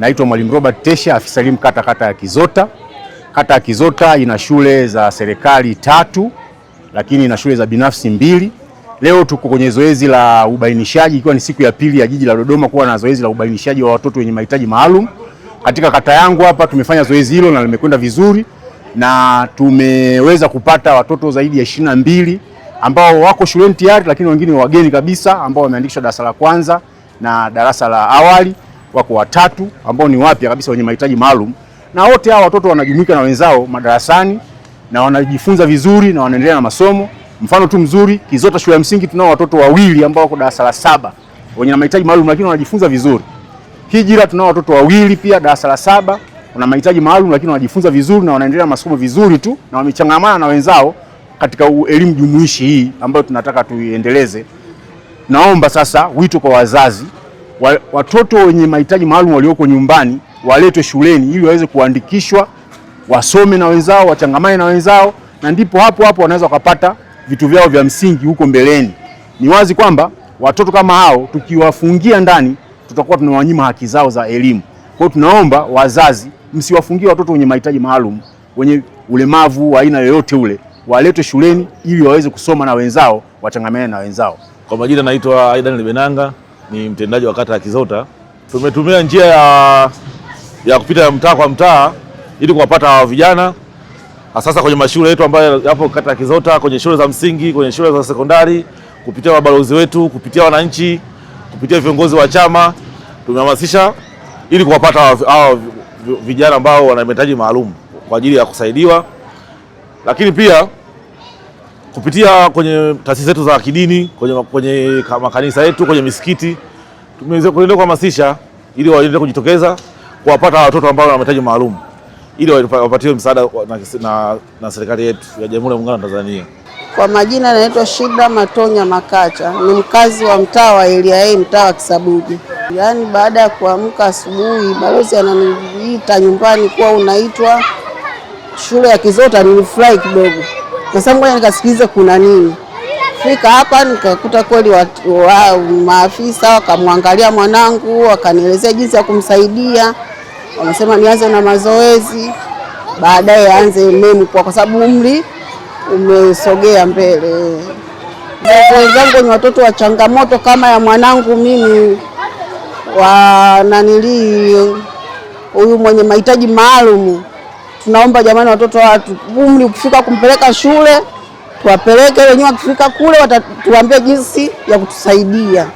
Naitwa Mwalimu Robert Tesha, afisa elimu kata kata ya Kizota. Kata ya Kizota ina shule za serikali tatu, lakini ina shule za binafsi mbili. Leo tuko kwenye zoezi la ubainishaji, ikiwa ni siku ya pili ya jiji la Dodoma kuwa na zoezi la ubainishaji wa watoto wenye mahitaji maalum. Katika kata yangu hapa tumefanya zoezi hilo na limekwenda vizuri, na tumeweza kupata watoto zaidi ya ishirini na mbili ambao wako shuleni tayari, lakini wengine wageni kabisa ambao wameandikishwa darasa la kwanza na darasa la awali wako watatu ambao ni wapya kabisa wenye mahitaji maalum, na wote hawa watoto wanajumuika na wenzao madarasani na wanajifunza vizuri na wanaendelea na masomo. Mfano tu mzuri, Kizota shule ya msingi tunao watoto wawili ambao wako darasa la saba wenye mahitaji maalum, lakini wanajifunza vizuri. Hijira tunao watoto wawili pia darasa la saba wana mahitaji maalum, lakini wanajifunza vizuri na wanaendelea na masomo vizuri tu na wamechangamana na wenzao katika elimu jumuishi hii ambayo tunataka tuiendeleze. Naomba sasa wito kwa wazazi watoto wenye mahitaji maalum walioko nyumbani waletwe shuleni ili waweze kuandikishwa, wasome na wenzao, wachangamane na wenzao, na ndipo hapo hapo wanaweza wakapata vitu vyao vya msingi huko mbeleni. Ni wazi kwamba watoto kama hao tukiwafungia ndani, tutakuwa tunawanyima haki zao za elimu. Kwa hiyo tunaomba wazazi, msiwafungie watoto wenye mahitaji maalum, wenye ulemavu wa aina yoyote ule, waletwe shuleni ili waweze kusoma na wenzao, wachangamane na wenzao. Kwa majina naitwa Aidan Libenanga ni mtendaji wa kata ya Kizota. Tumetumia njia ya, ya kupita mtaa kwa mtaa ili kuwapata vijana sasa kwenye mashule yetu ambayo yapo kata ya Kizota, kwenye shule za msingi, kwenye shule za sekondari, kupitia mabalozi wetu, kupitia wananchi, kupitia viongozi wa chama tumehamasisha ili kuwapata hao vijana ambao wana mahitaji maalum kwa ajili ya kusaidiwa, lakini pia kupitia kwenye taasisi zetu za kidini kwenye, kwenye makanisa yetu kwenye misikiti tumeweza kuendelea kuhamasisha ili waendelee kujitokeza kuwapata watoto ambao wana mahitaji maalum ili wapatiwe msaada na, na, na serikali yetu ya Jamhuri ya Muungano wa Tanzania. Kwa majina naitwa Shida Matonya Makacha, ni mkazi wa mtaa wa Elia A, mtaa wa Kisabuji. Yaani, baada ya kuamka asubuhi, balozi ananiita nyumbani kuwa unaitwa shule ya Kizota, nilifurahi kidogo kwa sababu ngoja nikasikilize kuna nini. Fika hapa nikakuta kweli wa, wa, maafisa wakamwangalia mwanangu wakanielezea jinsi ya kumsaidia, wanasema nianze na mazoezi, baadaye aanze memu kwa, kwa sababu umri umesogea mbele. Wenzangu ni watoto wa changamoto kama ya mwanangu mimi wa nanilii huyu mwenye mahitaji maalumu. Tunaomba jamani, watoto watu umri ukifika kumpeleka shule tuwapeleke, wenyewe wakifika kule tuwaambie jinsi ya kutusaidia.